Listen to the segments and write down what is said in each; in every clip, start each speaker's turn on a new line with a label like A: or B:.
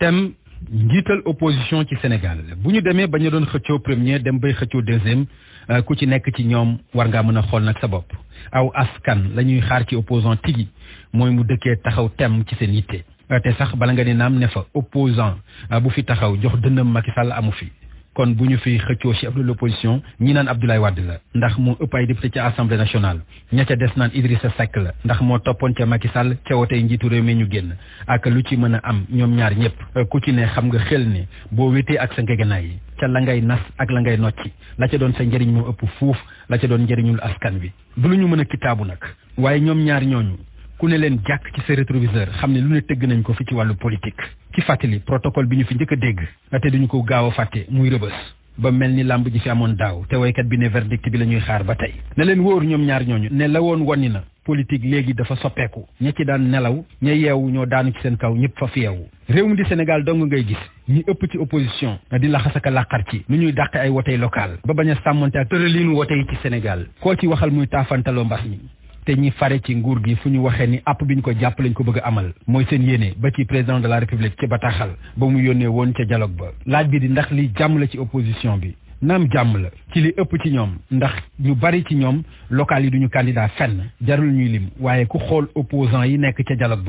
A: thème njiital opposition ci Sénégal bu ñu demee ba ñu doon xëccoo premier dem bay xëccoo deuxième euh, ku ci nekk ci ñoom war ngaa mën a xool nag sa bopp aw askan la ñuy xaar ci opposant tigi mooy mu dëkkee taxaw temm ci seen yitte euh, te sax bala nga ne naam ne fa opposant euh, bu fi taxaw jox dënnam Macky Sall amu fi kon bu ñu fi xëccoo chef de l'opposition ñi naan Abdoulaye Wade la ndax moo ëpp ay député ca assemblée nationale ña ca des naan Idrissa Seck la ndax moo toppoon ca Macky Sall ca wotey njiitu réew mi ñu génn ak lu ci mën a am ñoom ñaar ñëpp euh, ku ci ne xam nga xel ne boo wéetee ak sa ngegenaay yi ca la ngay nas ak la ngay nocci la ca doon sa njariñ moo ëpp fuuf la ca doon njëriñul askan wi du lu ñu mën a kitaabu nag waaye ñoom ñaar ñooñu ku ne leen jàkk ci sa rétroviseur xam ne lu ne tëgg nañ ko fi ci wàllu politique ci fàttali protocole bi ñu fi njëkk a dégg te duñu ko gaaw a fàtte muy rëbës ba mel ni làmb ji fi amoon daaw te woykat bi ne verdict bi la ñuy xaar ba tey na leen wóor ñoom ñaar ñooñu ne la woon wonni na politique léegi dafa soppeeku ña ci daan nelaw ña yeewu ñoo daanu ci seen kaw ñëpp fa fi yeewu réew mi di Sénégal dong ngay gis ñi ëpp ci opposition di laxas ak a làqar ci nu ñuy dàqe ay wotey local ba bañ a sàmmante ak tëraliinu wote yi ci Sénégal koo ci waxal muy taafantaloo mbas mi te ñi fare ci nguur gi fu ñu waxee ni app bi ñu ko jàpp lañ ko bëgg amal mooy seen yéene ba ci président de la république ci bataaxal ba mu yónnee woon ca dialogue ba laaj bi di ndax li jàmm la ci opposition bi naam jàmm la ci li ëpp ci ñoom ndax ñu bari ci ñoom local yi duñu candidat fenn jarul ñuy lim waaye ku xool opposant yi nekk ca dialogue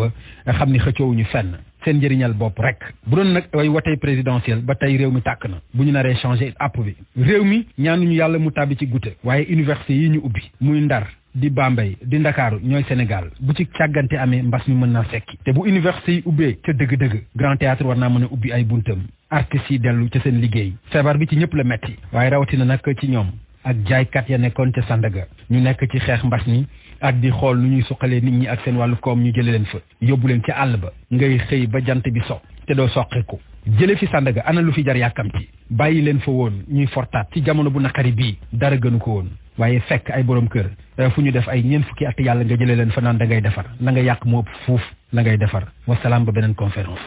A: ba xam ni xëccoowuñu fenn seen njëriñal bopp rek bu doon nag way watey présidentielle ba tey réew mi tàkk na bu ñu naree changé app bi réew mi ñaanuñu yàlla mu tàbbi ci goutte waaye université yi ñu ubbi muy ndar di Bambey di Ndakaaru ñooy Sénégal bu ci càggante amee mbas mi mën naa sekki te bu université yi ubbee ca dëgg-dëgg grand théâtre war naa mën a ubbi ay buntam artistes yi dellu ca seen liggéey feebar bi ci ñëpp la metti waaye rawatina nag ci ñoom ak jaaykat ya nekkoon ca Sandaga ñu nekk ci xeex mbas mi ak di xool nu ñuy suqalee nit ñi ak seen wàllu koom ñu jële leen fa yóbbu leen ca àll ba ngay xëy ba jant bi so te doo soqiku jële fi Sandaga ana lu fi jar yàkkamti bàyyi leen fa ñuy fortaat ci jamono bu naqari bii dara gënu ko woon waaye fekk ay borom kër euh, fu ñu def ay ñeent fukki at yàlla nga jëlee leen fa naan da ngay defar la nga yàq moo ëpp fuuf la ngay defar wasalaam ba beneen conférence